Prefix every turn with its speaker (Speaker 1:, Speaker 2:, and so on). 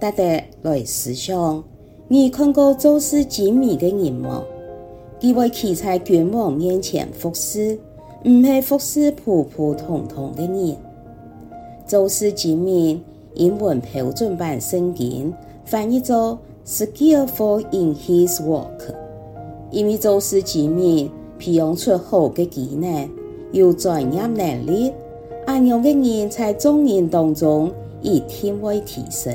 Speaker 1: 大家來思想，你看過做事精明的人嗎？佢會企在君王面前服侍，唔係服侍普普通通的人。做事精明，英文標準版聖經翻譯做 skillful in his work。因為做事精明，培養出好的技能、有專業能力，啊樣的人，在眾人當中一定會提升。